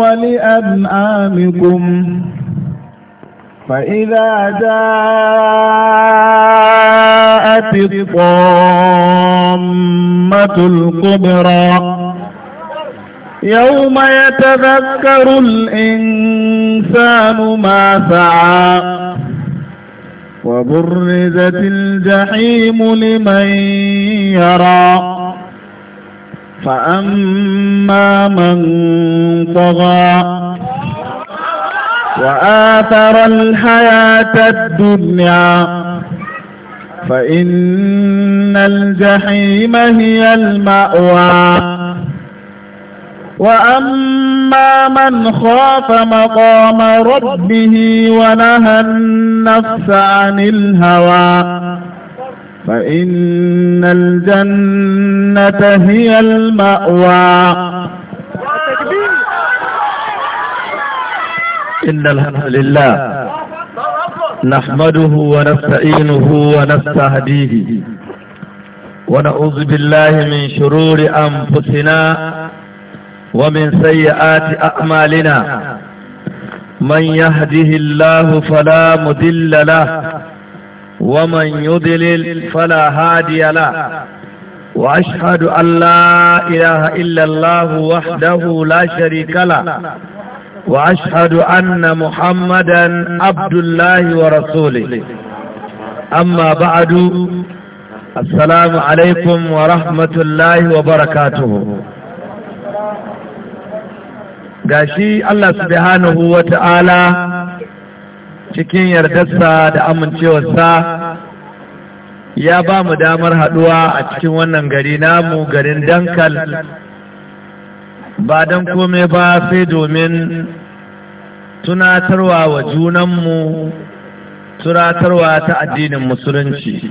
ولأنعامكم فإذا جاءت الطامة الكبرى يوم يتذكر الإنسان ما سعى وبرزت الجحيم لمن يرى فأما من طغى وآثر الحياة الدنيا فإن الجحيم هي المأوى وأما من خاف مقام ربه ونهى النفس عن الهوى فإن الجنة هي المأوى إن الحمد لله نحمده ونستعينه ونستهديه ونعوذ بالله من شرور أنفسنا ومن سيئات أعمالنا من يهده الله فلا مدل له ومن يضلل فلا هادي له وأشهد أن لا إله إلا الله وحده لا شريك له وأشهد أن محمدا عبد الله ورسوله أما بعد السلام عليكم ورحمة الله وبركاته gashi الله سبحانه وتعالى cikin yardarsa da amincewarsa ya ba mu damar haduwa a cikin wannan gari namu garin dankal ba don kome ba sai domin tunatarwa wa junanmu tunatarwa ta addinin musulunci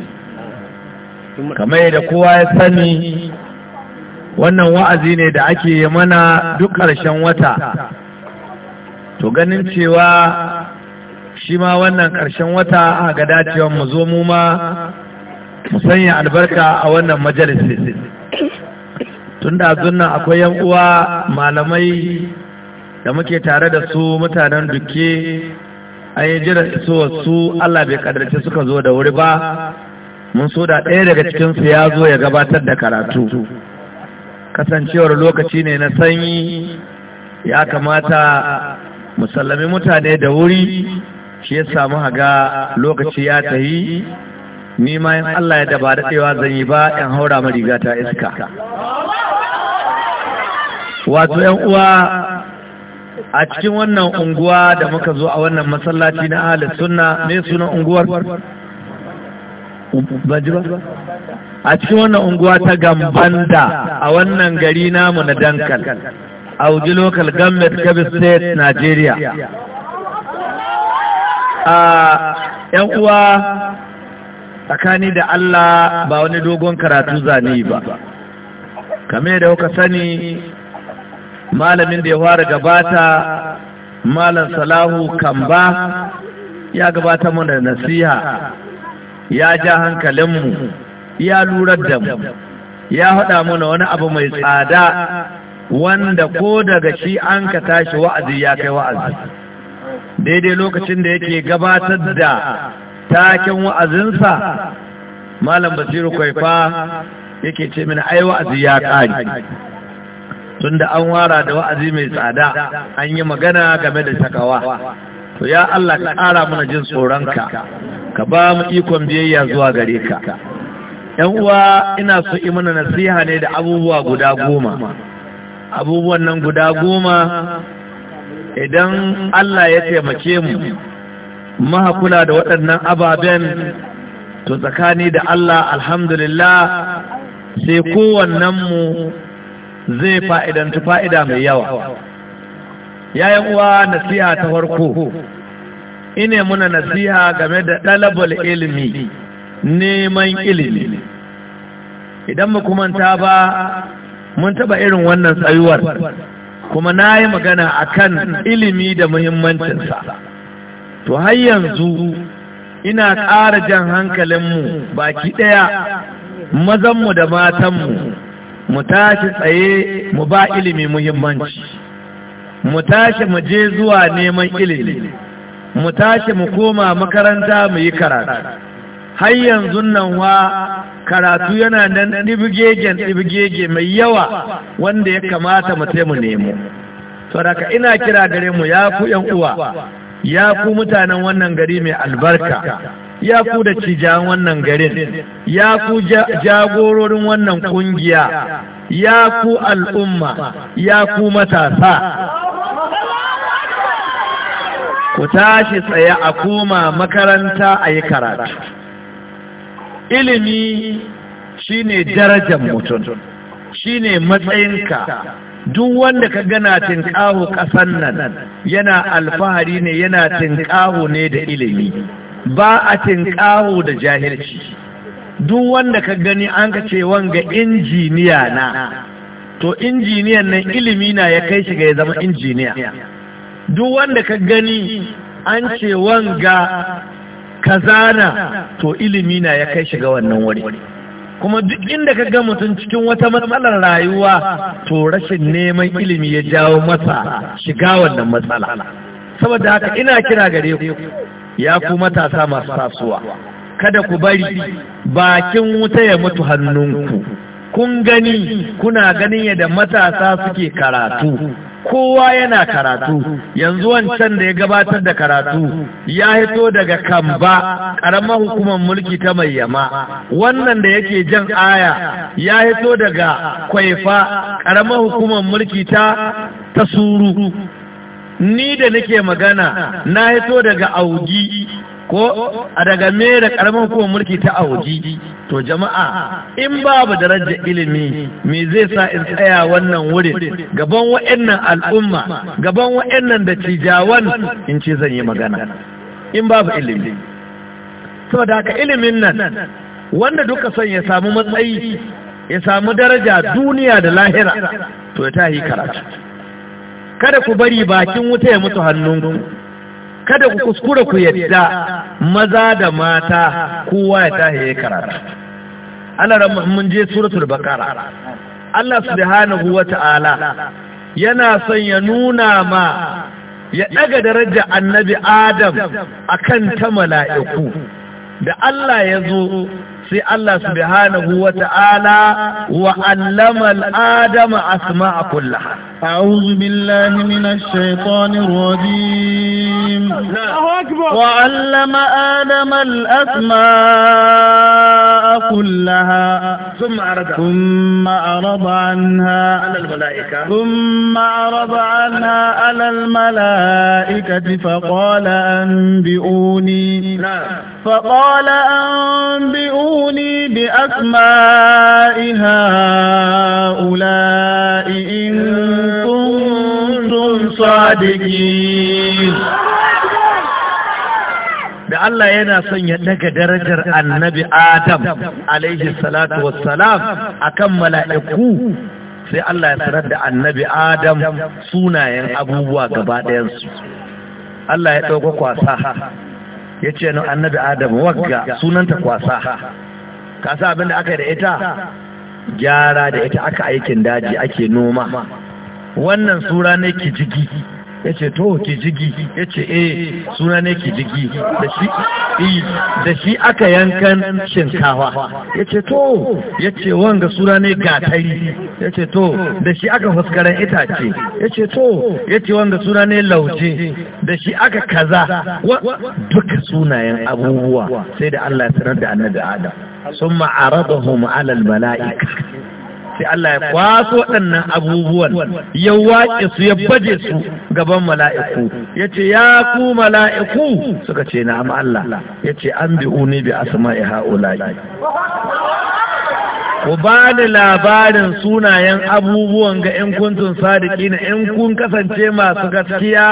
kamar da kowa ya sani wannan wa'azi ne da ake yi mana duk ƙarshen wata to ganin cewa shi ma wannan ƙarshen wata a ga dacewa mu zo mu ma sanya albarka a wannan majalisi tun da zunnan akwai yan uwa malamai da muke tare da su mutanen duke an yi jiran isowar su Allah bai kadarci suka zo da wuri ba mun so da ɗaya daga cikinsu ya zo ya gabatar da karatu kasancewar lokaci ne na sanyi ya kamata musallami mutane da wuri shi ya samu haga lokaci ya tahi ni nima yin Allah ya daba daɗewa zan yi ba 'yan haura mariga riga ta iska wato yan uwa a cikin wannan unguwa da muka zo a wannan masallaci na ahalar suna, me sunan unguwar a cikin wannan unguwa ta gambanda a wannan gari namu na dankal a uji local government state nigeria a ‘yan uwa tsakani da Allah ba wani dogon karatu zane ba kame da kuka sani malamin da ya fara gabata malam salahu kamba ya gabata mana da nasiha ya ja hankalinmu ya lura da mu ya haɗa mana wani abu mai tsada wanda ko daga shi an ka tashi wa'azi ya kai wa'azi daidai lokacin da yake gabatar da taken wa'azinsa malam basiru kwaifa yake ce mini ai wa'azi ya ƙari tun an wara da wa'azi mai tsada an yi magana game da takawa to ya Allah ka ƙara mana jin tsoronka ka ba mu ikon biyayya zuwa gare ka ‘yan uwa ina so yi mana nasiha ne da abubuwa guda goma abubuwan nan guda goma idan Allah ya taimake mu maha kula da waɗannan ababen to tsakani da Allah alhamdulillah sai mu zai fa'idantu fa'ida mai yawa yayin uwa nasiha ta farko ine muna nasiha game da ɗalabar ilimi neman ilimi idan mu kumanta ba mun taɓa irin wannan tsayuwar kuma na yi magana a kan ilimi da muhimmancinsa to har yanzu ina ƙara jan hankalinmu baki ɗaya mazanmu da matanmu mu tashi tsaye mu ba ilimi muhimmanci mu tashi mu je zuwa neman ilimi mu tashi mu koma makaranta mu yi karatu har yanzu nan wa karatu yana nan ɗibgegen ɗibgege mai yawa wanda ya kamata mu mu nemo faraka ina kira gare mu ya ku uwa ya ku mutanen wannan gari mai albarka ya ku da cijan wannan garin ya ku jagororin wannan kungiya ya ku al'umma ya ku matasa ku tashi tsaye a koma makaranta a yi karatu ilimi shi ne darajar mutum shi ne matsayinka duk wanda ka gana tinkahu ƙasan nan yana alfahari ne yana tinkahu ne da ilimi ba a tinkahu da jahilci duk wanda ka gani an ka ce wanga injiniya na to injiniyan nan ilimi na ya kai shi ga ya zama injiniya duk wanda ka gani an ce wanga kazana to ilimi na ya kai shiga wannan wuri kuma duk inda ka ga mutum cikin wata matsalar rayuwa to rashin neman ilimi ya jawo masa shiga wannan matsala saboda haka ina kira gare ku ya ku matasa masu tasowa kada ku bari bakin wuta ya mutu hannunku kun gani kuna ganin yadda matasa suke karatu kowa yana karatu yanzu wancan da ya gabatar da karatu ya hito daga kamba karamar hukumar mulki ta mai yama wannan da yake jan aya ya hito daga kwaifa karamar hukumar mulki ta ta ni da nake magana na hito daga augi ko a daga me da karamin kuma mulki ta auji to jama'a in babu darajar ilimi me zai sa in tsaya wannan wurin gaban wa'annan al'umma gaban wa'annan da tijawan in ce zan yi magana in babu ilimi da ka ilimin nan wanda duka son ya samu matsayi ya samu daraja duniya da lahira to ya tahi karatu kada ku bari bakin wuta ya mutu hannunku kada ku kuskura ku yadda maza da mata kowa ya tahi ya karatu Allah mun je suratul bakara. Allah subhanahu ta'ala yana son ya nuna ma ya daga daraja annabi Adam akan ta mala'iku da Allah ya zo sai Allah subhanahu ta'ala wa allama al-adama asma'a kullaha أعوذ بالله من الشيطان الرجيم وعلم آدم الأسماء كلها ثم عرض ثم عرض عنها على الملائكة ثم عرض عنها على الملائكة فقال أنبئوني نعم. فقال أنبئوني بأسماء هؤلاء sadiki da Allah yana son ya daga darajar annabi Adam alaihi salatu wassalam akan mala'iku sai Allah ya sanar da annabi Adam sunayen abubuwa gaba ɗayansu Allah ya ɗauka kwasa ya ce na annabi Adam wagga sunanta kwasa kasa abinda aka yi da ita gyara da ita aka aikin daji ake noma wannan sura ne kijigi ya ce to jigi ya ce eh suna ne jigi da shi aka yankan shinkawa ya ce to ya ce wanga suna ne gatari ya ce to da shi aka fuskaren itace ya ce to ya ce wanga suna ne lauje da shi aka kaza duka sunayen abubuwa sai da Allah ya sanar da annabi Adam sun ma'aradahum alal mala'ika sai Allah ya kwaso waɗannan abubuwan ya waƙe su ya baje su gaban mala'iku ya ce ya ku mala'iku suka ce na Allah ya ce an uni bi asma'i ha'ula'i ku ba da labarin sunayen abubuwan ga in kuntun sadiki na in kun kasance masu gaskiya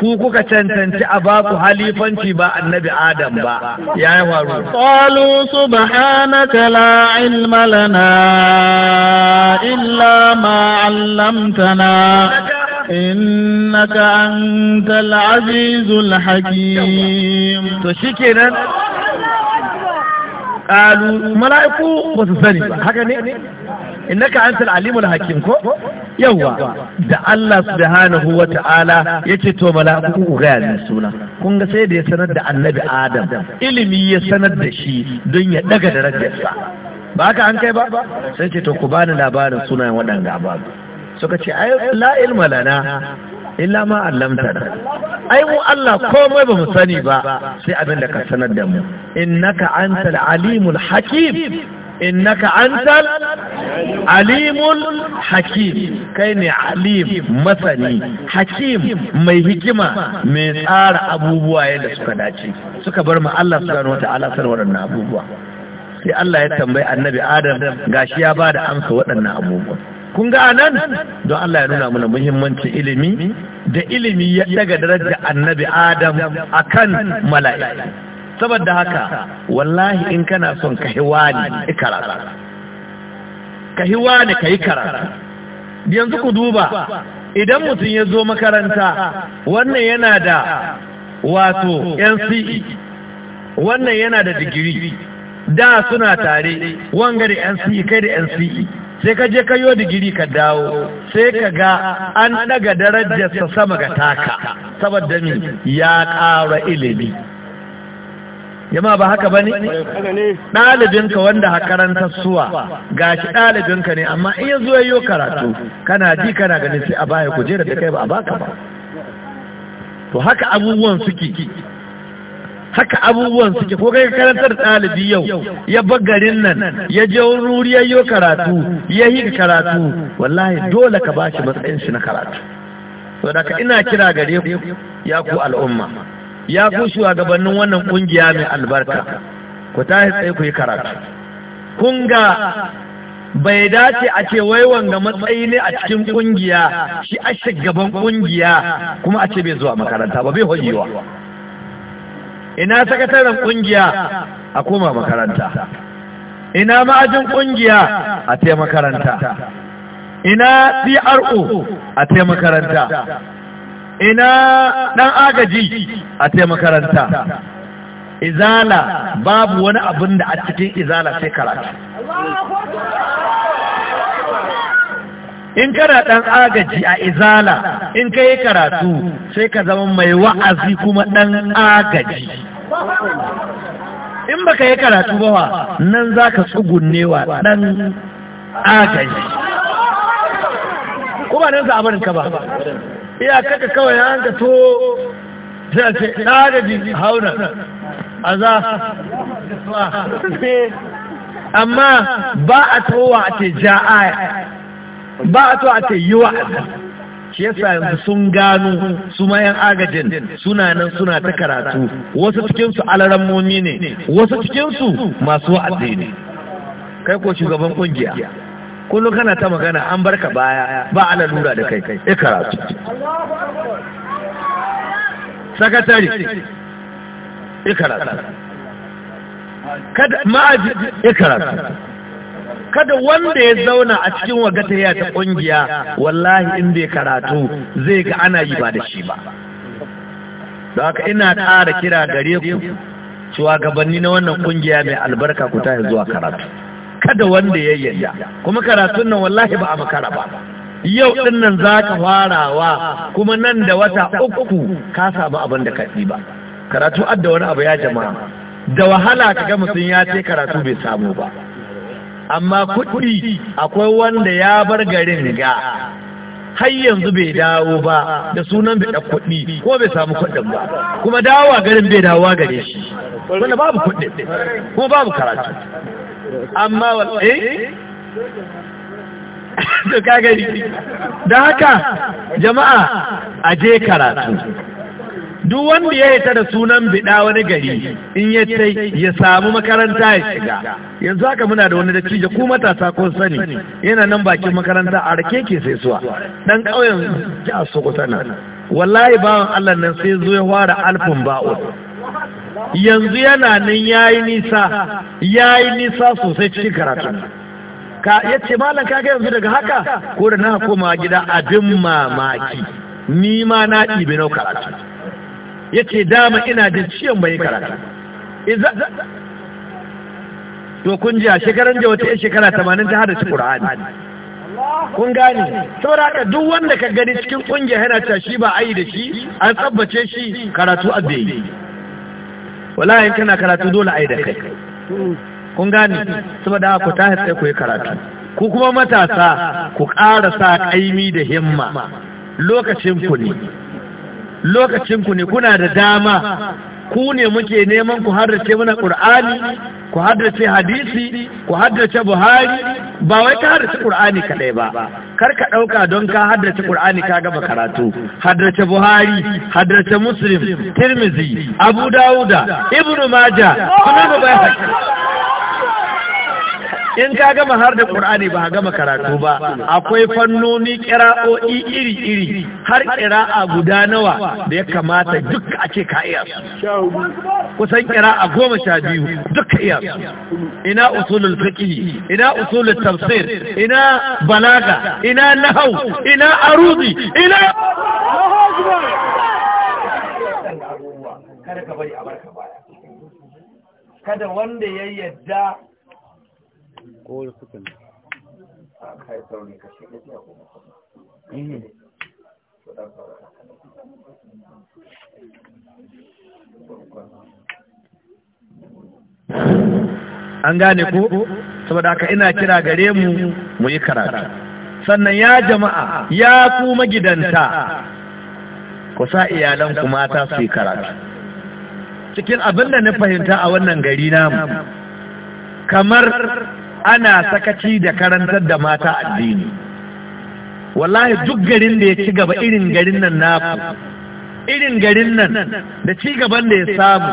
ku kuka cancanci a ba ku halifanci ba annabi adam ba ya yi faru qalu subhanaka la ilma lana illa ma 'allamtana إنك أنت العزيز الحكيم تشكرا qalu mala'iku ba su sani ba haka ne innaka antal alimul hakim ko yawa da Allah subhanahu wa ta'ala yace to mala'iku ku ga ya suna kun ga sai da ya sanar da annabi Adam ilimi ya sanar da shi don ya daga darajarsa ba haka an kai ba sai ce to ku bani labarin sunayen waɗanda ba suka ce ai la ilma lana illa ma allamtana ai mu Allah komai ba mu sani ba sai abin da ka sanar da mu innaka antal alimul hakim innaka antal alimul hakim kai ne alim masani hakim mai hikima mai tsara abubuwa yadda suka dace suka bar mu Allah subhanahu wataala waɗannan abubuwa sai Allah ya tambayi annabi Adam gashi ya da amsa waɗannan abubuwa kun ga anan don Allah ya nuna mana muhimmancin ilimi da ilimi ya daga darajar annabi Adam akan mala'ika saboda haka wallahi in kana son ka hiwani karatu ka hiwani kai karatu yanzu ku duba idan mutum ya zo makaranta wannan yana da wato NCE wannan yana da digiri da suna tare wanga da NCE kai da NCE sai ka je ka digiri ka dawo sai ka ga an daga darajarsa sama ga taka saboda min ya ƙara ilimi Yama ba haka ba ne? ɗalibinka wanda hakarantar suwa gashi ɗalibinka ne amma iya zuwa yi karatu kana ji kana ganin sai a baya kujera da kai ba a baka ba to haka abubuwan suke haka abubuwan suke ko kai karantar ɗalibi yau ya bar garin nan ya je wuri yi karatu ya yi karatu wallahi dole ka bashi matsayin shi na karatu saboda ina kira gare ku ya ku al'umma ya ku shugabannin wannan kungiya mai albarka ku tashi tsaye ku yi karatu kun ga bai dace a ce wai wanga matsayi ne a cikin kungiya shi a gaban kungiya kuma a ce bai zuwa makaranta ba bai hoyewa ina sakataren kungiya a koma makaranta ina ma'ajin kungiya a te makaranta ina PRO a te makaranta ina dan agaji a te makaranta izala babu wani abin da a cikin izala sai karatu in kana ɗan agaji a izala in ka yi karatu sai ka zama mai wa'azi kuma ɗan agaji in baka yi karatu ba nan za ka wa ɗan agaji kuma nan za a ka ba iya kaka kawai an ka to sai ce agaji hauna a za amma ba a towa a ce ja'aya ba a to a ce yi wa'azi shi yasa yanzu sun gano su mayan agajin suna nan suna ta karatu wasu cikinsu alarammomi ne wasu cikinsu masu wa'azi ne kai ko shugaban kungiya kullum kana ta magana an barka baya ba ala lura da kai kai karatu sakatari e karatu kada ma'aji e karatu kada wanda ya zauna a cikin wagatariya ta kungiya wallahi in bai karatu zai ga ana yi ba da shi ba da haka ina ƙara kira gare ku shugabanni na wannan kungiya mai albarka ku tashi zuwa karatu kada wanda ya yarda kuma karatun nan wallahi ba a makara ba yau din nan za ka farawa kuma nan da wata uku ka samu abin da ka ba karatu adda wani abu ya jama'a da wahala ka ga mutum ya ce karatu bai samu ba amma kuɗi akwai wanda ya bar garin ga har yanzu bai dawo ba da sunan bai ɗan kuɗi ko bai samu kuɗin ba kuma dawowa garin bai dawowa gare shi wanda babu kuɗi kuma babu karatu amma wal'ai eh? to da haka jama'a a je karatu duk wanda ya yata da sunan biɗa wani gari in ya ce ya samu makaranta ya shiga yanzu haka muna da wani da cije ku matasa ko sani yana nan bakin makaranta a rake ke sai suwa dan ƙauyen ja sokoto nan wallahi bawan Allah nan sai zo ya fara alfin ba'u yanzu yana nan yayi nisa yayi nisa sosai cikin karatu ka ya ce malam kaga yanzu daga haka ko da na koma gida abin mamaki ni ma na ɗibe nau karatu yace dama ina jin ciyon bai karatu iza to kun ji a shekaran jiya wata shekara 80 ta hada Qur'ani kun gane saboda haka duk wanda ka gani cikin kungiya yana ta shi ba ayi da shi an tsabbace shi karatu abbe yi wallahi kana karatu dole ayi da kai kun gane saboda haka ku tahi sai ku yi karatu ku kuma matasa ku ƙara sa ƙaimi da himma lokacin ku ne lokacinku ne kuna da dama ku ne muke neman ku haddace mana ƙur'ani ku haddace hadisi ku haddace buhari ba wai ka haddace ƙur'ani kaɗai ba kar ka ɗauka don ka haddace ƙur'ani ka gaba karatu haddace buhari haddace muslim tirmizi abu dawuda ibnu maja kuma ba bai in ka gama har da ƙur'ani ba gama karatu ba akwai fannoni ƙira'o'i iri iri har a guda nawa da ya kamata duk ake ka'iya ka iya kusan qira'a goma sha biyu duk ka ina usulul fiqh ina usulul tafsir ina balaga ina nahau ina arudi ina kada wanda ya yadda ko suka mhm. ne an gane ku saboda ka ina kira gare mu mu yi karatu sannan ya jama'a ya ku magidanta ku sa iyalan ku mata su yi karatu cikin abin da na fahimta a wannan gari namu kamar ana sakaci da karantar da mata addini wallahi duk garin da ya ci gaba irin garin nan naku irin garin nan da ci gaban da ya samu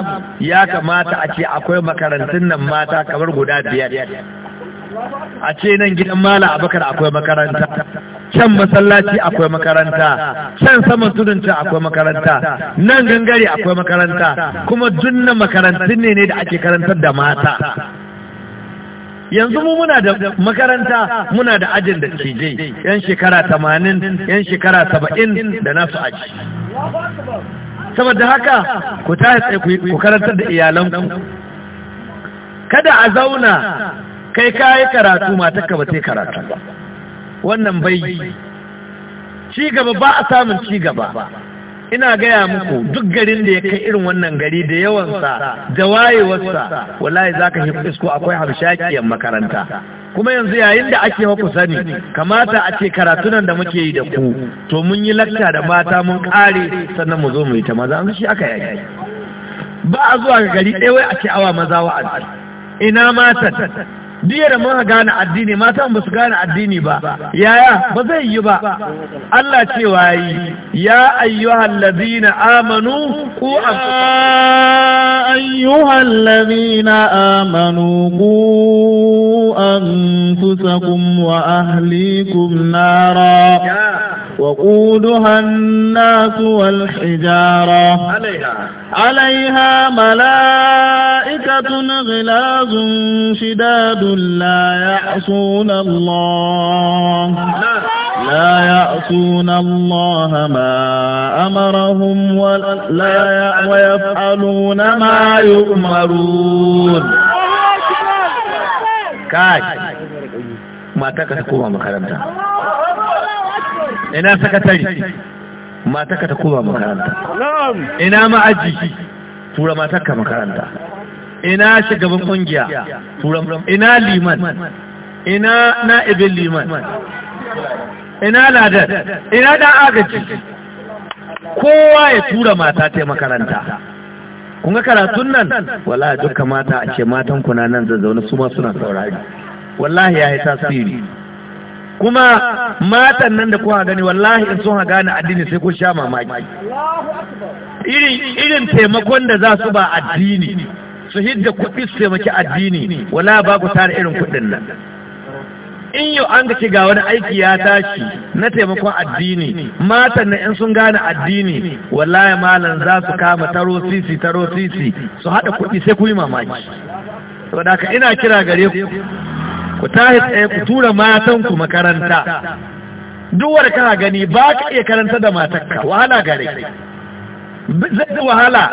ya kamata a ce akwai makarantun nan mata kamar guda biyar a ce nan gidan mala abakar akwai makaranta can masallaci akwai makaranta can saman tudunta akwai makaranta nan gangare akwai makaranta kuma dunnan makarantun ne ne da ake karantar da mata yanzu mu muna da makaranta muna da ajin da ke je yan shekara tamanin yan shekara saba'in da nasu aji saboda haka ku ta tsaye ku karantar da iyalanku kada a zauna kai yi karatu matakka ba sai karatu wannan bai ci gaba ba a samun ci gaba ina gaya muku duk garin da ya kai irin wannan gari da yawansa da wayewarsa wallahi zaka shi isko akwai habshakiyar makaranta kuma yanzu yayin da ake muku sani kamata a ce karatunan da muke yi da ku to mun yi lakta da mata mun kare sannan mu zo mu yi ta maza an shi aka yi ba a zuwa gari ɗaya wai a ce awa maza wa'azi ina matan diya da muka gane addini matan ba su gane addini ba yaya ba zai yi ba Allah cewa yi ya ayyuhal ladina amanu ku ayyuhal ladina amanu ku anfusakum wa ahlikum nara وقودها الناس والحجارة عليها عليها ملائكة غلاظ شداد لا يعصون الله لا يعصون الله ما أمرهم ولا ويفعلون ما يؤمرون كاش ما تكتكوا مكرمتا ina sakatari mataka ta koma makaranta ina ma'aji tura mataka makaranta ina shugaban kungiya tura ina liman ina na'ibin liman ina ladar ina dan agaji kowa ya tura mata ta makaranta kun ga karatun nan wala duka mata a ce matan kuna nan zazzaune su ma suna saurari wallahi ya yi tasiri kuma matan nan da kuma gani wallahi in sun gane addini sai kun sha mamaki irin taimakon da za su ba addini su hidda kuɗi su taimaki addini wala ba ku tara irin kuɗin nan in yau an ga ga wani aiki ya tashi na taimakon addini matan na in sun gane addini wallahi malam za su kama taro sisi taro sisi su haɗa kuɗi sai ku yi mamaki saboda ina kira gare ku ku tahi tsaye ku tura matan ku makaranta duk wanda kana gani ba ka iya karanta da ka wahala gare zai wahala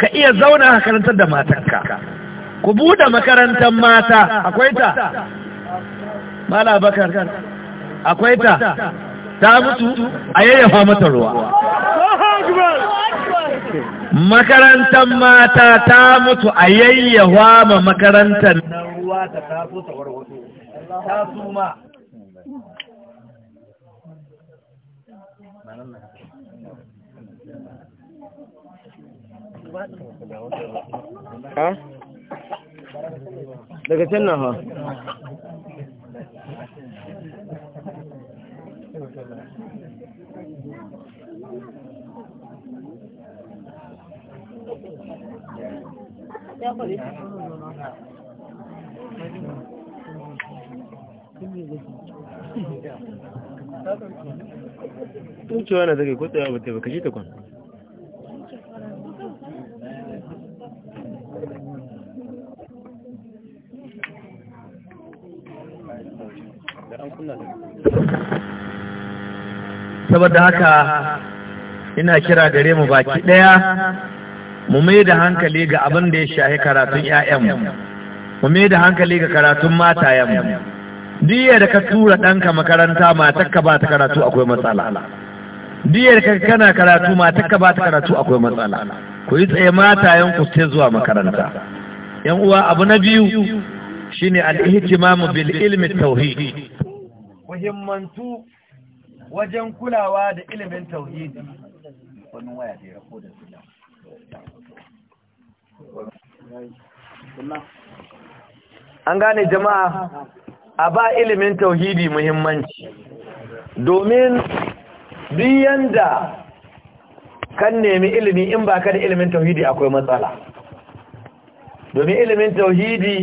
ka iya zauna ka karantar da ka ku buɗe makarantar mata akwai ta mala bakar akwai ta ta mutu a yayyafa mata ruwa makarantar mata ta mutu a yayyafa ma makarantar ruwa ta kafo ta warwato ta suma daga can nan ha na ta kwan saboda haka ina kira gare mu baki daya mu mai da hankali ga abin da ya shahi karatun 'ya'yanmu mu mai da hankali ga karatun mata matayenmu diya da ka tura ɗanka makaranta matakka ba ta karatu akwai matsala diyar ka kana karatu matakka ba ta karatu akwai matsala ku yi tsaye matayen ku sai zuwa makaranta yan uwa abu na biyu shine al-ihtimamu bil ilmi tauhid muhimmantu wajen kulawa da ilimin tauhidi an gane jama'a a ba ilimin tauhidi muhimmanci domin biyan da kan nemi ilimi in ba ka da ilimin tauhidi akwai matsala domin ilimin tauhidi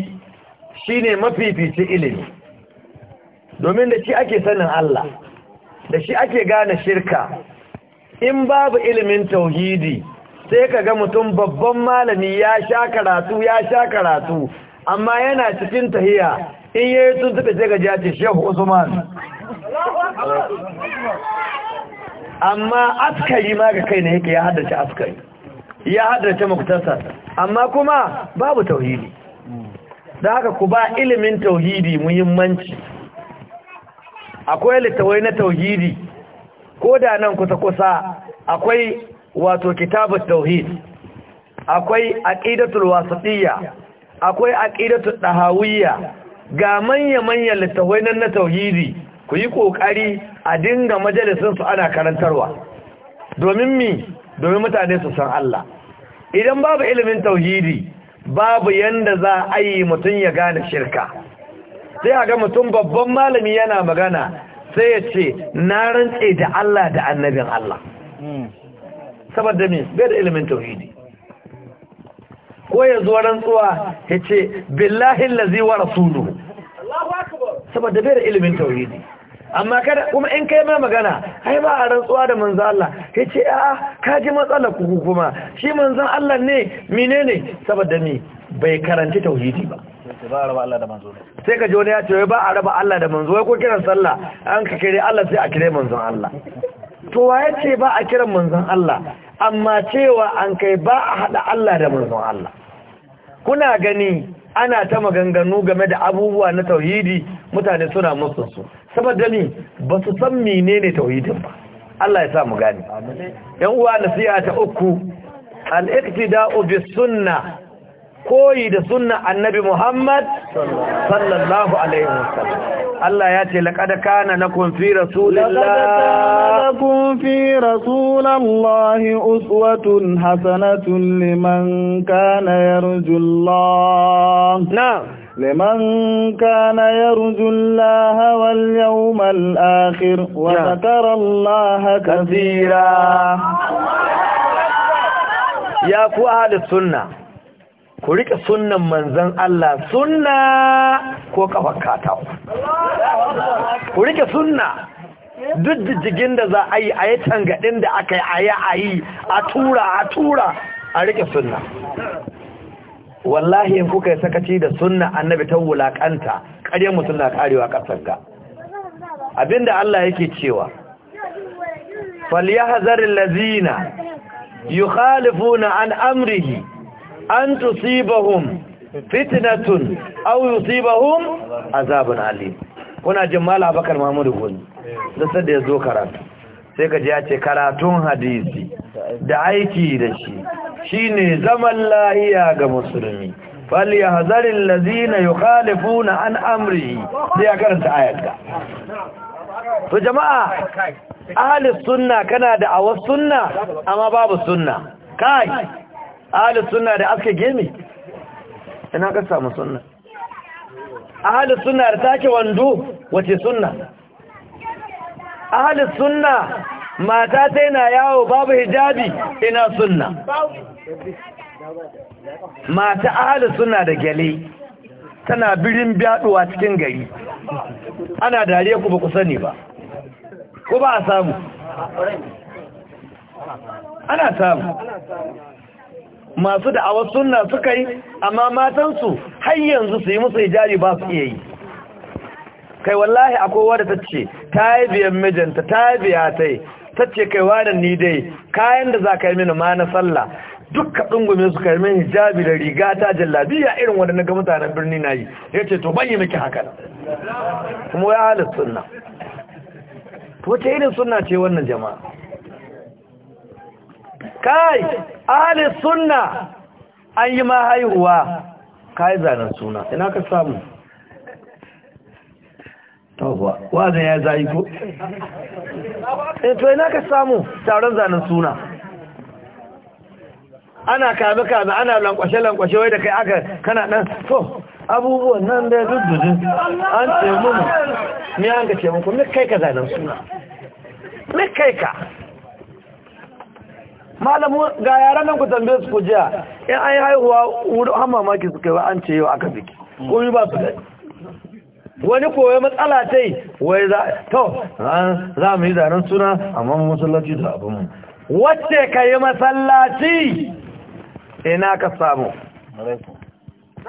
shine mafifici ilimi domin da shi ake sanin Allah da shi ake gane shirka in babu ilimin tauhidi sai ka ga mutum babban malami ya sha karatu ya sha karatu amma yana cikin tahiya in yi tun tuɓe sai gaji ya ce shehu usman amma askari ma ga kai na yake ya haddace askari ya haddace muktasar amma kuma babu tauhidi da haka ku ba ilimin tauhidi muhimmanci akwai littawai na tauhidi ko da nan kusa-kusa akwai wato kitabar tauhid akwai aqidatul wasatiyya akwai aqidatul dahawiyya ga manya-manyan littafai nan na tauhidi ku yi ƙoƙari a dinga majalisinsu ana karantarwa domin mi domin mutane su san Allah idan babu ilimin tauhidi babu yanda za a yi mutum ya gane shirka sai a ga mutum babban malami yana magana sai ya ce na rantse da Allah da annabin Allah hmm. saboda mi bai da ilimin tauhidi ko ya zo rantsuwa ya ce billahi laziwa wa saboda bai da ilimin tauhidi amma kada kuma in kai ma magana ai ba a rantsuwa da manzan Allah ce a ka ji matsalar ku kuma shi manzan Allah ne menene saboda ni bai karanci tauhidi ba sai ka jone ya ce ba a raba Allah da manzo wai ko kiran sallah an ka kire Allah sai a kire manzon Allah to waye ce ba a kiran manzon Allah amma cewa an kai ba a hada Allah da manzon Allah kuna gani ana ta maganganu game da abubuwa na tauhidi mutane suna musu su saboda ni ba su san menene tauhidin ba Allah ya sa mu gane yan uwa nasiha ta uku al-iqtida'u bis sunnah koyi da sunna annabi Muhammad sallallahu alaihi wasallam Allah ya ce laqad kana lakum fi rasulillahi fi rasulillahi uswatun hasanatun liman kana yarjullaha na'am لمن كان يرجو الله واليوم الآخر وذكر الله كثيرا يا فؤاد السنه ku rika sunnan manzan Allah sunna ko kafar katako ku rika sunna duk jijjigin da za a yi a yi tangadin da aka yi a yi a yi a tura a tura a rike sunna wallahi in kuka yi sakaci da sunna annabi ta wulakanta ƙarya mutum na karewa ƙasar ga abinda Allah yake cewa fal falyahzaril lazina yukhalifuna an amrihi an tusibahum fitnatun aw yusibahum azabun alim kuna jin mala bakar mahmudu goni da da ya zo karatu sai ka ji ya ce karatun hadisi da aiki da shi shine zaman lahiya ga musulmi فليحذر الذين يخالفون an امره sai karanta ayata to jama'a ahli sunna kana da awas sunna amma babu sunna kai ahalus suna da aska gemi ina ka samu sunna ahalus suna da take wando wace sunna ahalus suna mata ta yana yawo babu hijabi ina sunna mata ahalus suna da gyale tana birin biyaduwa cikin gari ana dariya ku ba ku sani ba Ku ba a samu ana samu masu da awa sunna suka yi amma matansu har yanzu su yi musu hijabi ba su iya yi kai wallahi akwai wadda ta ce ta yi biyan mijinta ta yi biya ta yi ta ce kai wadda ni dai kayan da za ka yi mini ma na sallah dukka ɗungume su mini hijabi da riga ta jallabiya irin wanda na ga mutanen birni na yi ya ce to yi miki haka kuma ya halar suna to wace irin suna ce wannan jama'a kai ahli sunna an yi ma haihuwa kai zanen suna ina ka samu tawwa wazan ya zai ko eh to ina ka samu taron zanen suna ana ka kabe ana lankwashe lankwashe wai da kai aka kana dan to abubuwan nan da duddudin an ce mu ni an ga ce mu me kai ka zanen suna me kai ka malamu ga yaran nan ku tambaye su ku jiya in an yi haihuwa wurin an mamaki su kai an ce yau aka biki ko yi ba su da wani koyo matsala ta yi wai za to za mu yi zanen suna amma masallaci da mu wacce ka yi masallaci ina ka samu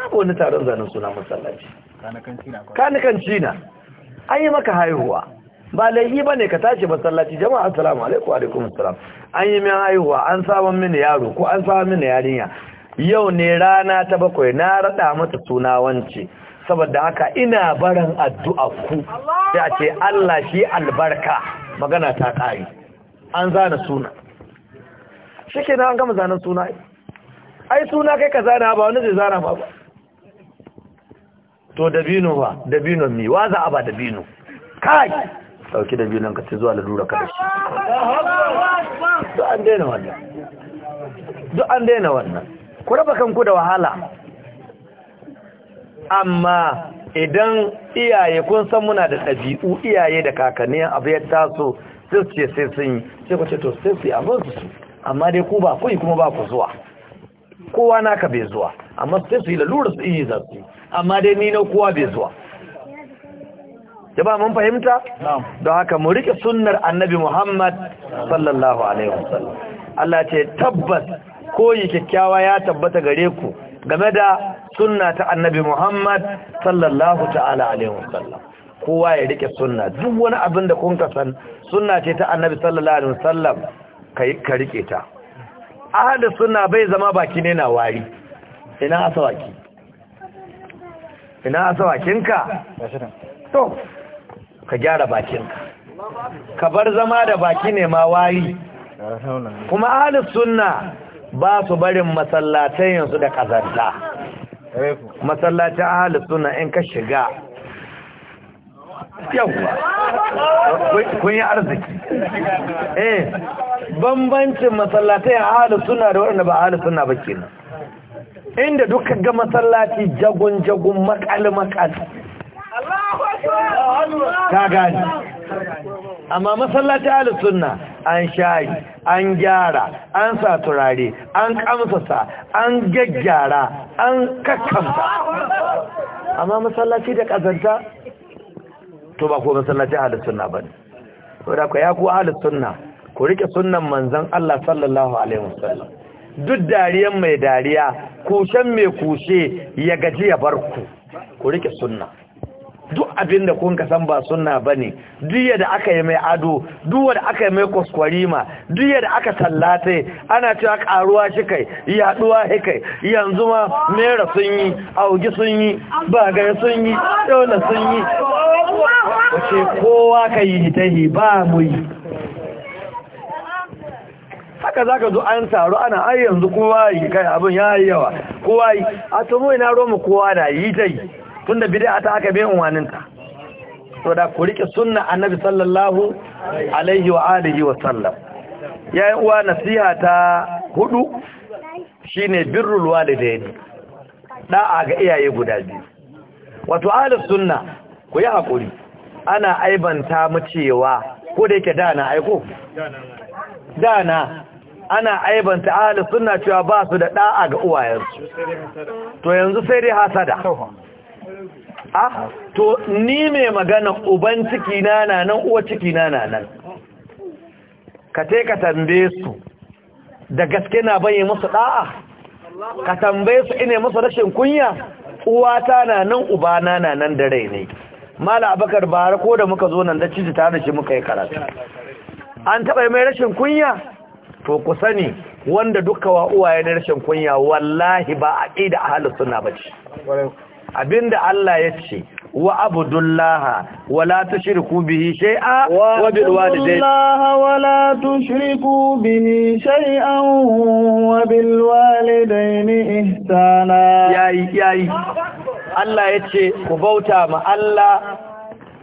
babu wani taron zanen suna masallaci kanikan cina an yi maka haihuwa ba laifi ba ne ka tashi sallaci jama'a assalamu alaikum alaikum assalam an yi min haihuwa an samun mini yaro ko an samun mini yarinya yau ne rana ta bakwai na rada mata suna wance saboda haka ina barin addu'a ku Ya ce Allah shi albarka magana ta kare an zana suna shike na an gama zanen suna ai suna kai ka zana ba wani zai zana ba ba to dabino ba dabino mi wa za a ba dabino kai dauki da biyu nan ka ci zuwa lalura ka da duk an daina wannan duk an daina wannan ku raba kanku da wahala amma idan iyaye kun san muna da ɗabi'u iyaye da kakanni abu ya taso sai ce sai sun yi sai ku ce to sai su yi abin su amma dai ku ba yi kuma ba ku zuwa kowa naka bai zuwa amma sai su yi lalura su yi zasu amma dai ni na kowa bai zuwa ba mun fahimta don haka mu rike sunnar annabi Muhammad sallallahu alaihi wasallam Allah ce tabbas ko yi kyakkyawa ya tabbata gare ku game da sunna ta annabi Muhammad sallallahu ta'ala alaihi wasallam kowa ya rike sunna duk wani abin da kun san sunna ce ta annabi sallallahu alaihi wasallam ka rike ta ahada sunna bai zama baki ne na wari ina asawaki ina asawakinka to ka gyara bakinka ka bar zama da baki ne ma wari kuma ahlus sunna ba su barin masallatai yanzu da kazanta masallacin ahlus sunna in ka shiga yawwa kun yi arziki eh bambancin masallatai ahlus sunna da waɗanda ba ahlus sunna ba kenan inda duka ga masallaci jagun jagun makal makal ka amma masallaci ahlus an shayi an gyara an sa turare an kamsasa an gaggyara an kakkamta amma masallaci da kazanta to ba ko masallaci ahlus ba ne. saboda ku ya ku ahlus ku rike sunan manzan Allah sallallahu alaihi wasallam duk dariyan mai dariya kushen mai kushe ya gaji ya barku ku rike sunna duk abin da kun san ba suna ba ne. duk da aka yi mai ado duk da aka yi mai kwaskwarima duk da aka sallatai, ana cewa karuwa shi kai yaduwa shi kai yanzu ma mera sun yi augi sun yi bagar sun yi dole sun yi wace kowa ka yi hitahi ba mu yi haka zaka zo an taru ana ai yanzu kowa yi kai abin ya yi yawa kowa yi a to ina roma kowa da yi ta yi. tunda bid'a ta aka bai unwaninta to da ku rike sunna annabi sallallahu alaihi wa alihi wa sallam yayin uwa nasiha ta hudu shine birrul walidaini da'a ga iyaye guda biyu wato ahlus sunna ku yi hakuri ana aibanta mu cewa ko da yake dana aiko dana ana aibanta ahlus sunna cewa ba su da da'a ga uwayensu to yanzu sai dai hasada ah to ni mai magana uban ciki na na nan uwa ciki na nan ka te ka tambaye su da gaske na bayyana musu da'a ka tambaye su ina musu rashin kunya uwata na nan ubana na nan da rai ne mala abakar bara ko da muka zo nan da ciji tare shi muka yi karatu an taɓa mai rashin kunya to ku sani wanda dukkawa uwaye na rashin kunya wallahi ba a ƙi da ahalus suna ba ce abinda Allah ya ce wa abudullaha wala tushriku bihi shay'a wa bil walidayni wala tushriku bihi shay'an wa bil walidayni ihsana yayi yayi Allah ya ce ku bauta ma Allah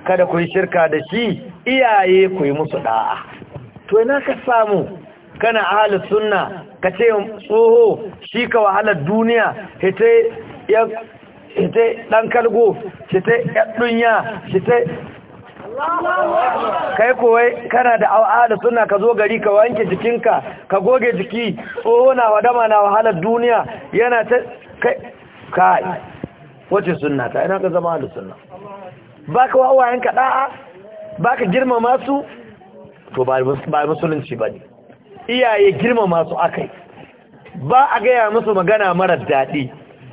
kada ku yi shirka da shi iyaye ku yi musu da'a to ina ka samu kana ahli sunna ka ce tsoho shi ka wahalar duniya hita ya cite ɗan kalgo cite ta ɗunya cite kai kai kowai kana da al'ada suna ka zo gari ka wanke jikinka ka goge jiki tsoho na wadama na wahalar duniya yana ta kai kai wace suna ta yana ka zama da suna ba ka wawayen ka ɗa'a ba ka girmama su to ba musulunci ba ne iyaye girmama su akai ba a gaya musu magana marar daɗi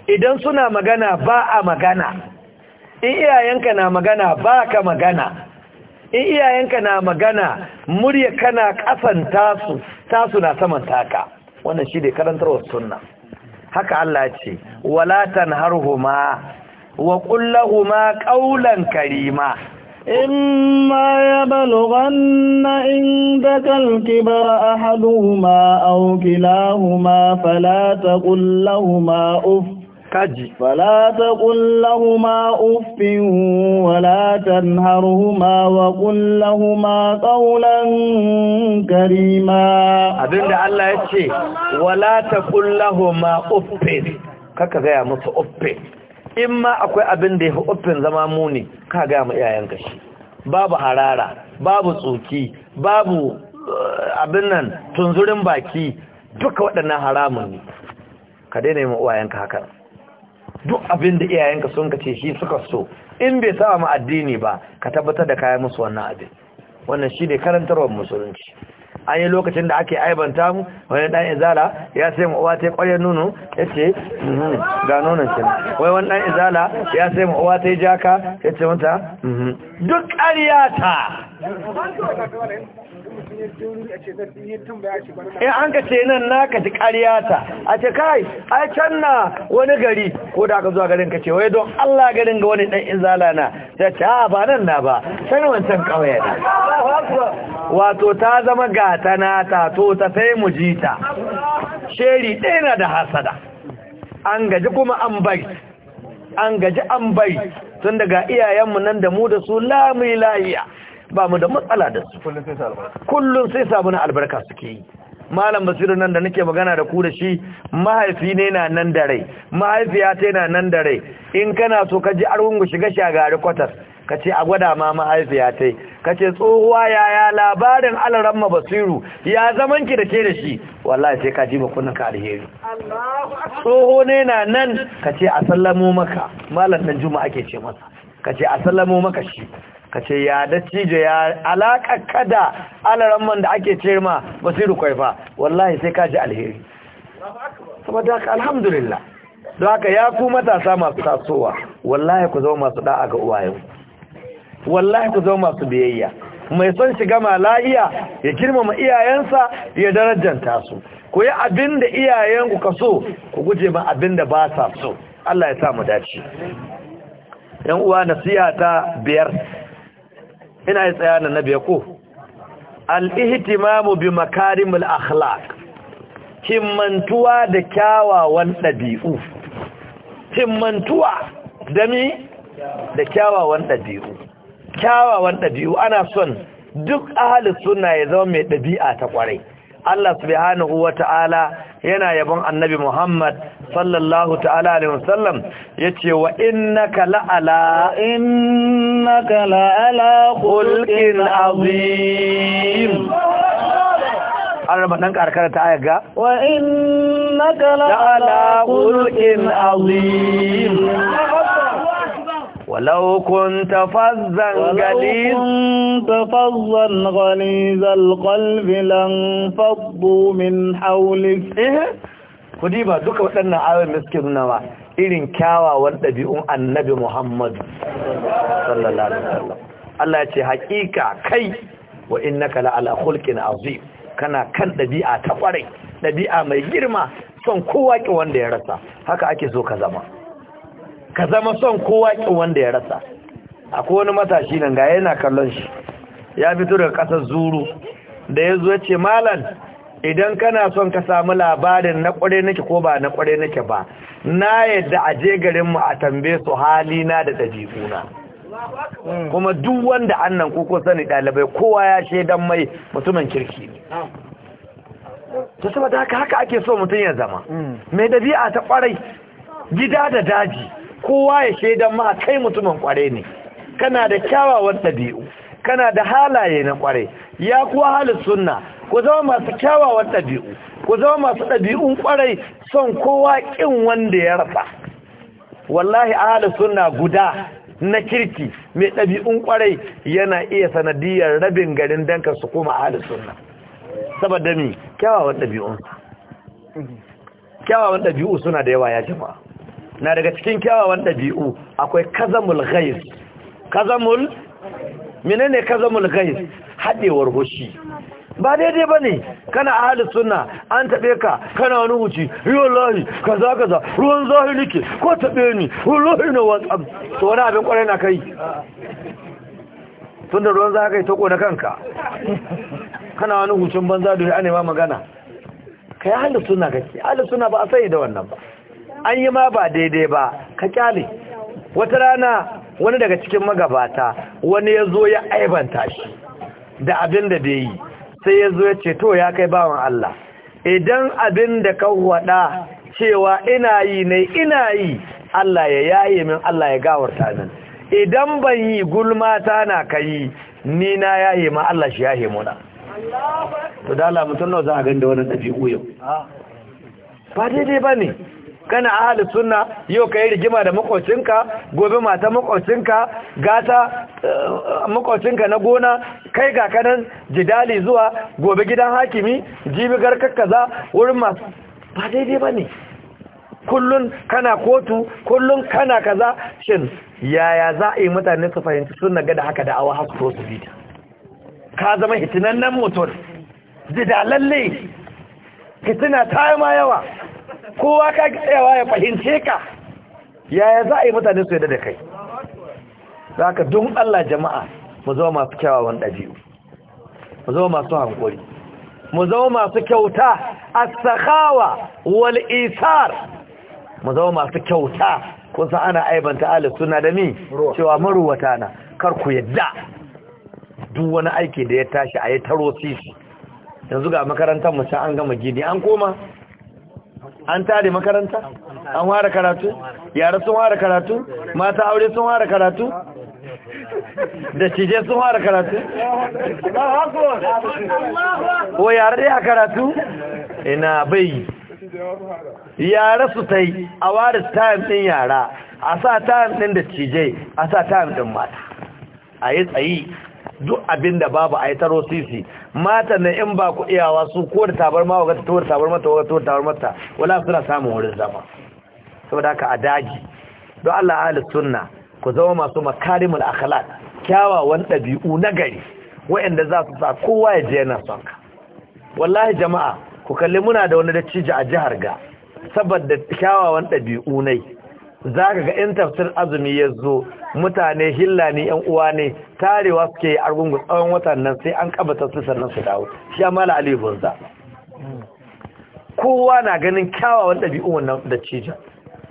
idan suna magana ba a magana in iyayenka na magana ba ka magana in iyayenka na magana murya kana kasan tasu tasu na saman taka wannan shi da karantarwar sunna haka Allah ce wala tanharhuma wa qul lahumu qawlan karima إما a عندك الكبر أحدهما أو كلاهما فلا ƙulla huma أف kaji fala taqul ma uffin wala ma wa qul ma karima abinda Allah yace wala taqul ma uffin kaka ga musu uffin in ma akwai abinda ya fi uffin zama muni ka ga mu iyayenka shi babu harara babu tsoki babu eh, abin nan tunzurin baki duka waɗannan haramun ne ka daina yi uwayenka hakan. duk abin da iyayenka sun ka ce shi suka so in bai sa mu addini ba ka tabbatar da kayan musu wannan abin wannan shi ne karantarwar musulunci an yi lokacin da ake aibanta mu wani dan izala ya sai mu uwa ta nono ya ce mhm, ga nonon shi wai wani dan izala ya sai mu uwa ta jaka ya ce mata mhm. duk ariyata. in eh, an ka ce nan na ka kariya ta a ce kai ai can na wani gari ko da aka zuwa garin ka ce wai don Allah garin ga wani dan inzala na ta ce a ah, ba nan na ba can wancan ƙauye da wato ta zama gata na ta to ta sai mu ji ta sheri ɗaya na da hasada an gaji kuma an bai an gaji an bai tun daga iyayenmu nan da mu da su lamu lahiya ba mu da matsala da su kullum sai samu na albarka suke yi malam basiru nan da nake magana da ku da shi mahaifi ne na nan da rai mahaifiya ta na nan da rai in kana so ka ji arhungu shiga shagari kwatar ka ce a gwada ma mahaifiya ta ka ce tsohuwa yaya labarin ma basiru ya zaman ki da ke da shi wallahi sai ka ji bakunan ka alheri tsoho ne na nan ka ce a sallamo maka malam nan Juma ake ce masa ka ce a sallamo maka shi ka ce ya da cije ya alaƙa kada man da ake ce ma basiru fa. wallahi sai ka ji alheri saboda haka alhamdulillah don haka ya ku matasa masu tasowa wallahi ku zama masu da'a ga uwayen wallahi ku zama masu biyayya mai son shiga mala'iya ya girmama iyayensa ya darajanta su ku yi abin da iyayenku ka so ku guje ma abin da ba sa so Allah ya sa mu dace yan uwa nasiha ta biyar ina yi tsaya na biya ko al-ihtimamu bi makarimul akhlaq kimmantuwa da kyawawan ɗabi'u kimmantuwa da mi da kyawawan ɗabi'u kyawawan ɗabi'u ana son duk ahli sunna ya zama mai ɗabi'a ta kwarai Allah subhanahu ta'ala yana yabon annabi Muhammad sallallahu ta'ala alaihi wasallam yace wa innaka la'ala innaka la'ala khulqin azim arba dan karkara ta aya ga wa innaka la'ala khulqin azim ولو كنت فظا غليظ كنت فظا غليظ القلب لانفضوا من حولك kudi ba duka waɗannan ayoyin da suke nuna ma irin kyawawan ɗabi'un annabi Muhammad sallallahu alaihi wasallam Allah ya ce haƙiƙa kai wa innaka la ala khulqin azim kana kan ɗabi'a ta ƙwarai ɗabi'a mai girma son kowa ki wanda ya rasa haka ake so ka zama ka zama son kowa kin wanda ya rasa akwai wani matashi nan ga yana kallon shi ya fito daga kasar zuru da ya zo ce malam idan kana son ka samu labarin na kware nake ko ba na kware nake ba na yadda a je garin mu a tambaye su hali na da dabi'una hmm. kuma duk wanda annan ko sani dalibai kowa ya shaidan mai mutumin kirki ne ta saboda haka haka ake so mutum ya zama hmm. mai dabi'a ta kwarai gida da daji kowa ya shaidan ma kai mutumin kware ne kana da kyawawan ɗabi'u kana da halaye na kware ya kuwa halin sunna ku zama masu kyawawan ɗabi'u ku zama masu ɗabi'un kwarai son kowa ƙin wanda ya rasa wallahi a halin sunna guda na kirki mai ɗabi'un kwarai yana iya sanadiyar rabin garin danka su kuma a halin sunna saboda mi kyawawan ɗabi'unsa ɗabi'u suna da yawa ya jama'a na daga cikin kyawawan ɗabi'u akwai kazamul ghaiz kazamul menene kazamul ghaiz haɗewar hushi ba daidai ba ne kana ahalin suna an taɓe ka kana wani wuce yiwu lahi kaza kaza ruwan zahi ke, ko taɓe ni wallahi na watsam to wani abin kwarai na kai tun da ruwan zahi kai tako na kanka kana wani hucin banza da ya ma magana kai ahalin suna kake ahalin suna ba a sai da wannan ba an yi ma ba daidai ba ka kyale wata rana wani daga cikin magabata wani ya zo ya aibanta shi da abin da bai yi sai ya zo ya ce to ya kai bawan Allah idan abin da ka waɗa cewa ina yi ne ina yi Allah ya yaye min Allah ya gawarta min idan ban yi gulma ta na kai ni na yaye ma Allah shi yaye muna to dala mutum nawa za a ganda wannan dabi'u yau ba daidai ba ne kana ahalin sunna yau ka yi rigima da makwacinka gobe mata makwacinka gata eh, makwacinka na gona kai ga kanan jidali zuwa gobe gidan hakimi jibi garkar kaza wurin masu ba daidai ba ne kullun kana kotu kullun kana kaza shin yaya za a yi mutane su fahimci sunna ga da haka da awa hasko su bita ka zama hitinannen mutum jidalalle hitina ta yi ma yawa kowa ka tsayawa ya fahimce ka yaya za a yi mutane su yadda da kai za ka dun Allah jama'a mu zama masu kyawawan ɗabi'u mu zama masu hankuri mu zama masu kyauta a sakawa wal isar mu zama masu kyauta kun san ana aibanta ahli suna da mi cewa maruwata na kar ku yadda duk wani aiki da ya tashi a yi taro sisi yanzu ga makarantar mu an gama gini an koma an tare makaranta an ware karatu yara sun ware karatu mata aure sun ware karatu da cije sun ware karatu ko yara dai a karatu ina bai yara su ta yi a ware time din yara a sa time din da cije a sa time din mata a yi tsayi duk abin da babu a yi taro sisi mata na in ba ku iyawa su ko da tabarma wa ga to tabarma ta wa to wala suna samun wurin zama saboda haka a daji don Allah ahli sunna ku zama masu makarimul akhlaq kyawawan ɗabi'u na gari wayanda za su sa kowa ya je yana son ka wallahi jama'a ku kalli muna da wani dattijo a jihar ga saboda kyawawan ɗabi'u nai za ga in tafsir azumi ya zo mutane hilla ne yan uwa ne tarewa suke yi argungu tsawon watan nan sai an kabata su sannan su dawo shi amma la ali bunza kowa na ganin kyawawan ɗabi'u wannan da cija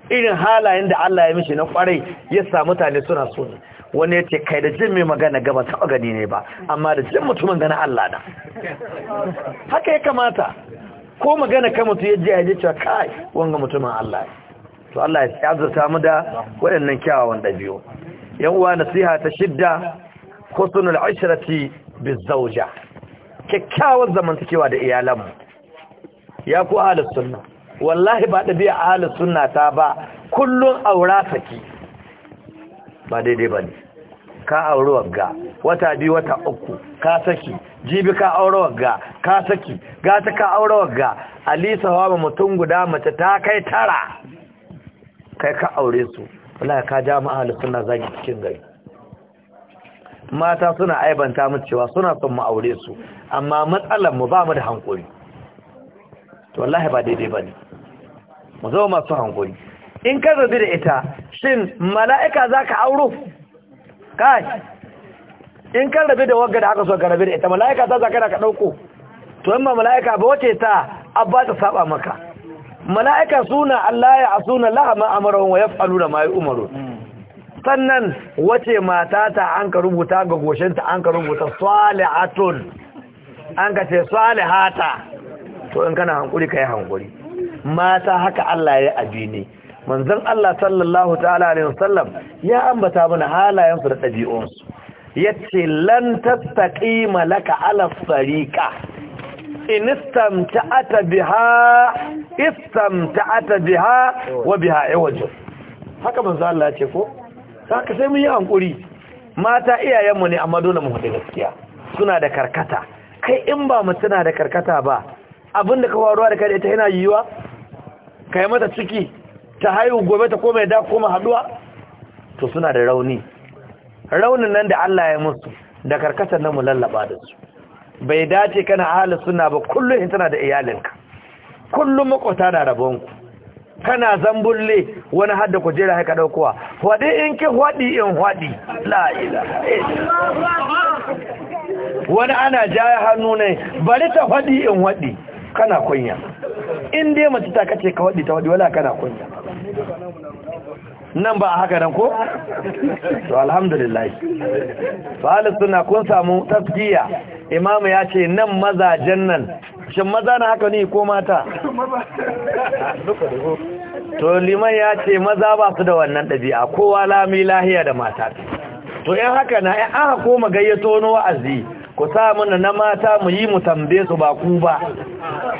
irin halayen da Allah ya mishi na kwarai ya sa mutane suna so ne wani ya ce kai da jin mai magana gaba taɓa gani ne ba amma da jin mutumin gana Allah da haka ya kamata ko magana kan mutum ya je ya je cewa kai wanga mutumin Allah ya to Allah ya azurta mu da waɗannan kyawawan ɗabi'u yan uwa nasiha ta shidda husnul ashrati bizawja kyakkyawan zamantakewa da mu ya ku ahlus sunna wallahi ba ɗabi'a ahlus sunna ta ba kullun aura saki ba daidai bane ka auri wagga wata biyu wata uku ka saki jibi ka aure wagga ka saki gata ka aure wagga alisa hawa mutum guda mace ta kai tara kai ka aure su wala ka ja mu ahlus sunna zagi cikin gari mata suna aibanta mu cewa suna son mu aure su amma matsalar mu ba mu da hankuri to wallahi ba daidai bane mu zama masu hankuri in ka zabi da ita shin mala'ika zaka auro kai in kan rabe da wagga da aka so ka rabe da ita mala'ika ta zaka da ka dauko to in ma mala'ika ba wace ta abba ta saba maka mala'ika suna Allah ya asuna lahama amarahun wa ya falu da mai umaru sannan wace mata ta an ka rubuta ga goshinta an ka rubuta salihatun an ka ce salihata to in kana hankuri ka yi hankuri mata haka Allah ya abi ne manzon Allah sallallahu ta'ala ne wasallam ya ambata mana halayensu da ɗabi'unsu yace lan tattaqi malaka ala in istamta'ata biha istamta'ata biha wa biha iwajin haka manzo Allah ce ko haka sai mun yi hankuri mata iyayenmu ne amma dole mu hudu gaskiya suna da karkata kai in ba mu tana da karkata ba abinda ka faruwa da kai ta yana yiwa kai mata ciki ta haihu gobe ta koma da koma haduwa to suna da rauni raunin nan da Allah ya musu da karkatar nan mu lallaba da su bai dace kana ahalin suna ba kullum in tana da iyalinka kullum makwata na rabonku kana zambulle wani hada ku jira haka daukowa waɗe in ki waɗi in waɗi la'ila wani ana jaya hannu ne bari ta waɗi in waɗi kana kunya in dai mace ta kace ka waɗi ta waɗi wala kana kunya nan ba a haka nan ko? to alhamdulillah fahalis suna kun samu taskiya imamu ya ce nan mazajen nan shin maza na haka ne ko mata? to liman ya ce maza ba su da wannan ɗabi'a kowa lami lahiya da mata to yan haka na yan aka koma gayyato na wa'azi ku sa mana na mata mu yi mu tambe su ba ku ba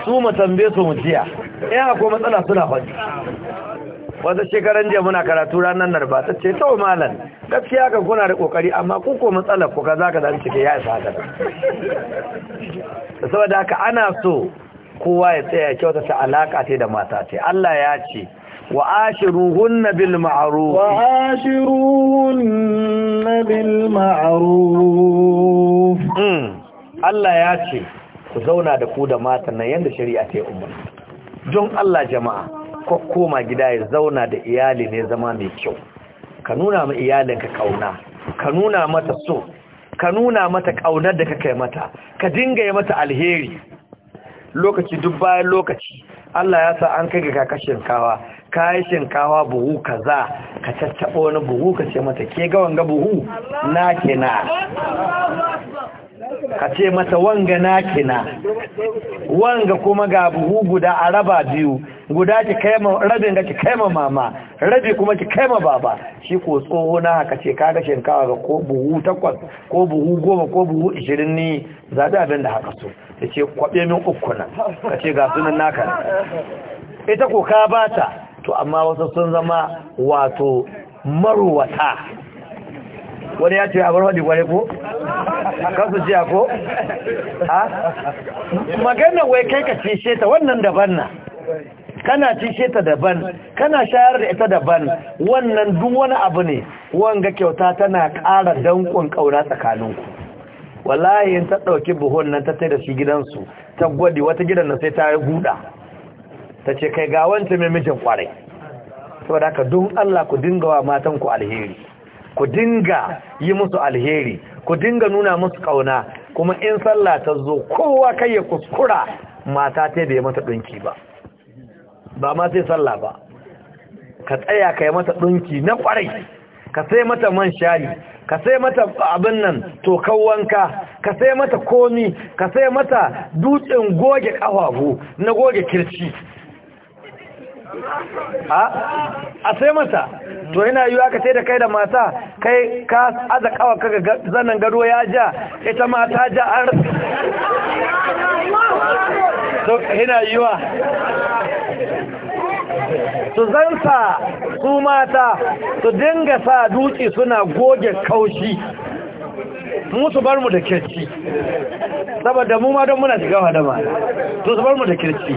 su mu tambe su mu jiya yan haka matsala suna faɗi wata shekaran jiya muna karatu ranar narba ta ce to malam gaskiya kan kuna da kokari amma ku ko matsalar ku kaza ka ne cike ya isa haka saboda haka ana so kowa ya tsaya kyauta ta alaka ce da mata ce Allah ya ce wa ashiruhunna bil ma'ruf wa ashiruhunna bil ma'ruf hmm. Allah ya ce ku zauna da ku da matan nan yanda shari'a ta yi umarni don Allah jama'a koma gida ya zauna da iyali ne zama mai kyau ka nuna ma iyalinka kauna ka nuna mata so ka nuna mata kaunar da kake mata ka dinga ya mata alheri lokaci duk bayan lokaci Allah ya sa an kai ga kaka shinkawa kayi shinkawa buhu kaza ka tattaɓa wani buhu ka ce mata ke ga wanga buhu na kina ka ce mata wanga na kina wanga kuma ga buhu guda araba biyu guda ki kai ma rabin ga ki kai ma mama rabi kuma ki kai ma baba shi ko tsoho na haka ce kaga shinkawa ga ko buhu takwas ko buhu goma ko buhu ishirin ni da abin da haka so ta ce kwaɓe min uku nan ka ce ga sunan naka ita ko ka bata to amma wasu sun zama wato maruwata wani ya ce a bar waɗi kwarai ko? kansu jiya ko? ha? maganar wai kai ka cishe ta wannan daban na kana shi ta daban kana shayar da ita daban wannan duk wani abu ne wanga kyauta tana ƙara dankon ƙauna tsakaninku wallahi in ta ɗauki buhun nan ta tai da shi gidansu ta gwadi wata gidan nan sai ta yi guda ta ce kai ga wancan mai mijin kwarai saboda haka duk Allah ku dinga wa matan ku alheri ku dinga yi musu alheri ku dinga nuna musu ƙauna, kuma in sallah ta zo kowa kai ya kuskura mata ta bai mata ɗinki ba ba ma sai sallah ba ka tsaya kai mata ɗunki na kwarai ka sai mata man shari ka sai mata abin nan tokan wanka ka sai mata komi ka sai mata dutsen goge kafafu na goge kirci a sai mata to yana yiwuwa ka sai da kai da mata kai ka aza kawa kaga zanen gado ya ja ita mata ja an to yana yiwa su zansa su mata su dinga sa duki suna goge kaushi musu bar mu da kirci saboda mu ma don muna shiga hadama to su bar mu da kirci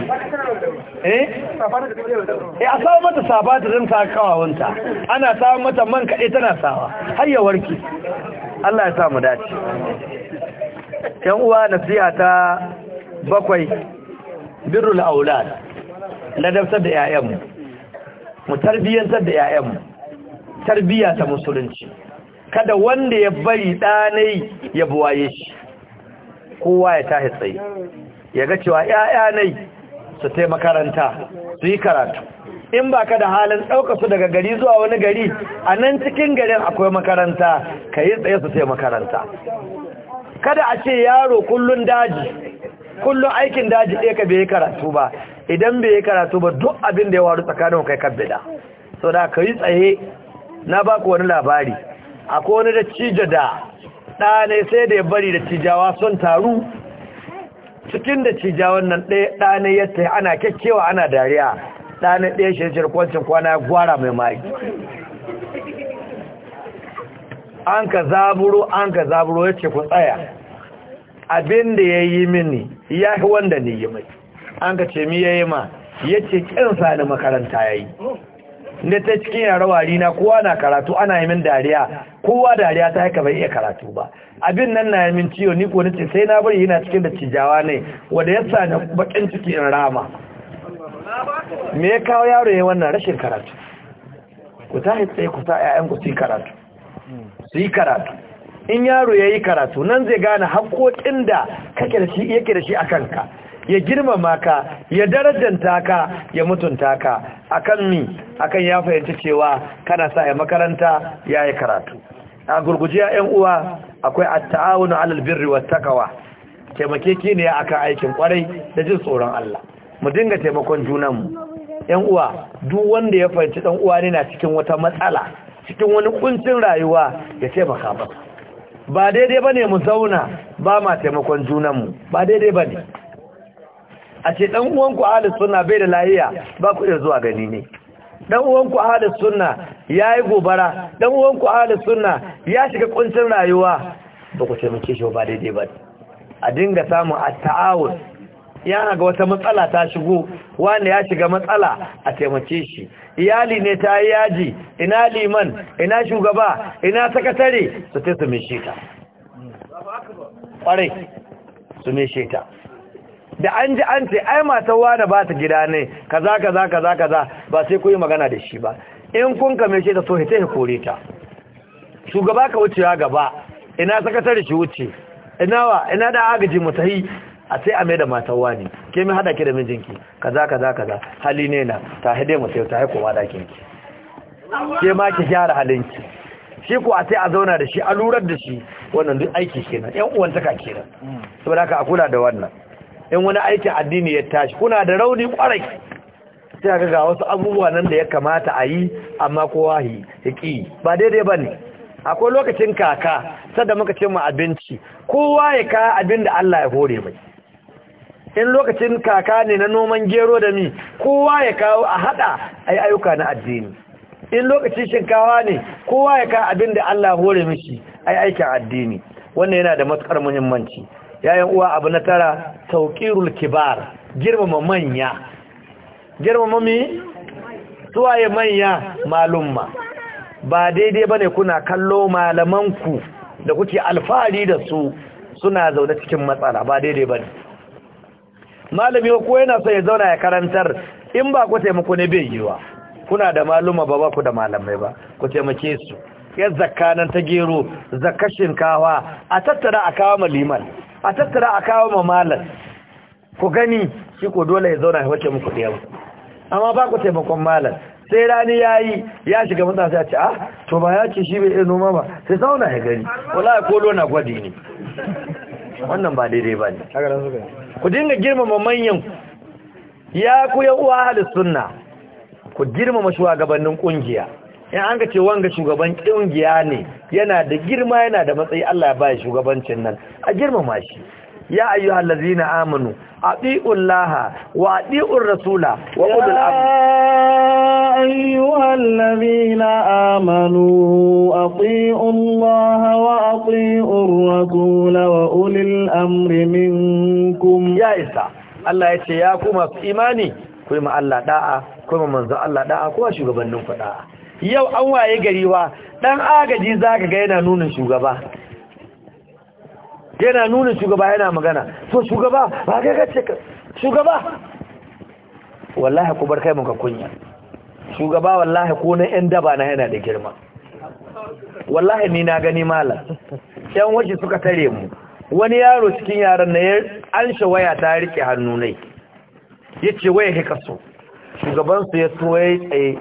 eh eh a samu mata safa ta zan ta kawawunta ana samu mata man kaɗe tana sawa har ya warke Allah ya sa mu dace yan uwa nasiha ta bakwai birrul aulad ladabtar da 'ya'yanmu mu tarbiyyantar da 'ya'yanmu tarbiyya ta musulunci kada wanda ya bari ɗanai ya buwaye shi kowa ya tahi tsaye ya ga cewa 'ya'ya 'ya'yanai su tai makaranta su yi karatu in ba ka da halin ɗauka su daga gari zuwa wani gari a nan cikin garin akwai makaranta ka yi tsaye su tai makaranta kada a ce yaro kullun daji kullum aikin daji ɗaya ka bai karatu ba idan bai yi karatu ba duk abin da ya waru tsakanin kai kan bida so da ka yi tsaye na baku wani labari akwai wani da cija da ɗane sai da ya bari da cijawa sun taru cikin da cijawan nan ɗane ya ana kyakkyawa ana dariya ɗane ɗaya shi kwancin kwana ya gwara mai mari an ka zaburo an ka zaburo ya ce ku tsaya abin da ya yi mini ya fi wanda ne yi mai an ka ce mi ya yi ma ya ce ƙinsa da makaranta ya yi da ta cikin yarawari na kowa na karatu ana yi min dariya kowa dariya ta haka bai iya karatu ba abin nan na min ciwo ni ko nace sai na bari yana cikin da cijawa ne wanda ya sa na bakin ciki in rama me ya kawo yaro ya wannan rashin karatu ku ta tsaye ku sa 'ya'yanku su su yi karatu in yaro ya yi karatu nan zai gane haƙoƙin da yake da shi a kanka ya girmama ka ya darajanta ka ya mutunta ka akan mi akan ya fahimci cewa kana sa ya makaranta ya yi karatu a gurguje yan uwa akwai at-ta'awunu 'alal birri wat ne taimakekeniya akan aikin kwarai da jin tsoron Allah mu dinga taimakon mu. yan uwa duk wanda ya fahimci ɗan uwa ne na cikin wata matsala cikin wani kuncin rayuwa ya taimaka masa ba daidai ba ne mu zauna ba ma taimakon junanmu ba daidai ba ne. a ce dan uwanku ahlus bai da lahiya ba ku iya zuwa gani ne ɗan uwanku suna ya yi gobara dan uwanku ahlus sunna ya shiga ƙuncin rayuwa ba ku taimake shi ba daidai ne a dinga samun a taawun ya ga wata matsala ta shigo wanda ya shiga matsala a taimace shi iyali ne ta yi yaji ina liman ina shugaba ina sakatare su ta su mishe ta Kwarai, su mishe ta da an ji an ce ai matan wane ba ta gida ne kaza kaza kaza kaza ba sai ku yi magana da shi ba in kun kame shi ta so hita ya kore ta shugaba ka wucewa gaba ina sakatare shi wuce ina wa ina da agaji mutahi a sai a mai da matan wani ke hada ki da mijinki kaza kaza kaza hali ne na ta haide mu sai ta haiku ma dakin ki ke ma ki gyara halinki shi ko a sai a zauna da shi a lurar da shi wannan duk aiki kenan yan uwan taka kenan saboda haka a kula da wannan in wani aikin addini ya tashi kuna da rauni kwarai sai ga ga wasu abubuwa nan da ya kamata a yi amma kowa yi ki ba daidai ba ne. akwai lokacin kaka sadda muka ce mu abinci kowa ya kaya abin da Allah ya hore mai in lokacin kaka ne na noman gero da mi kowa ya kawo a hada yi ayyuka na addini in lokacin shinkawa ne kowa ya kawo abin da Allah hore mishi yi aikin addini wannan yana da matukar muhimmanci yayin uwa abu na tara Taukirul kibar girmama manya girmama mi suwaye manya malumma ba daidai ba ne kuna kallo malamanku da kuke alfahari da su suna zaune cikin matsala ba daidai ba ne. malami ko yana son ya zauna ya karantar in ba ku taimako ne bai yiwa kuna da maluma ba ba ku da malamai ba ku taimake su ya zakkanan nan ta gero zakka shinkawa a tattara a kawo ma liman a tattara a kawo ma malam ku gani shi ko dole ya zauna ya wace muku da yau amma ba ku taimakon malam sai rani ya yi ya shiga matasa ya ce ah to ba ya ce shi bai iya noma ba sai zauna ya gani wala ya kolo na gwadi ne wannan ba daidai ba ne ku dinga girmama manyan ya ku ya uwa sunna ku girmama shugabannin kungiya in an ga ce wanga shugaban kungiya ne yana da girma yana da matsayi Allah ya ba shugabancin nan a girmama shi ya ayyuhal ladzina amanu atiiul laha wa ɗi'un rasula wa ulul amr ayyuhal ladzina amanu atiiul laha wa atiiur rasula wa ulul amri minkum ya isa Allah yace ya kuma imani kuma Allah da'a kuma manzo Allah da'a kuma shugabannin ku da'a yau an waye gari wa dan agaji zaka ga yana nuna shugaba yana nuna shugaba yana magana so shugaba ba ga gace ka shugaba wallahi ku bar kai mun ka kunya shugaba wallahi ko na yan daba na yana da girma wallahi ni na gani mala yan waje suka tare mu wani yaro cikin yaran na an waya ta rike hannu ne yace waya ka so shugaban su ya so yayi tsaye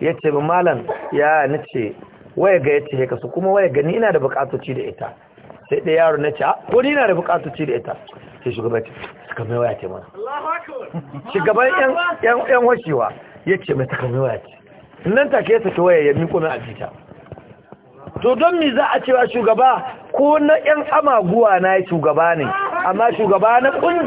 yace malam ya nace waya ga yace ka so kuma waya gani ina da bukatoci da ita sai ɗaya yaro na ce ah, ko ni na da ci da ita sai shugaban ce suka mai waya ce mana shugaban yan washewa ya ce mai suka mai waya ce nan take ya saki waya ya miko min abita to don mi za a cewa shugaba ko na yan amaguwa na shugaba ne amma shugaba na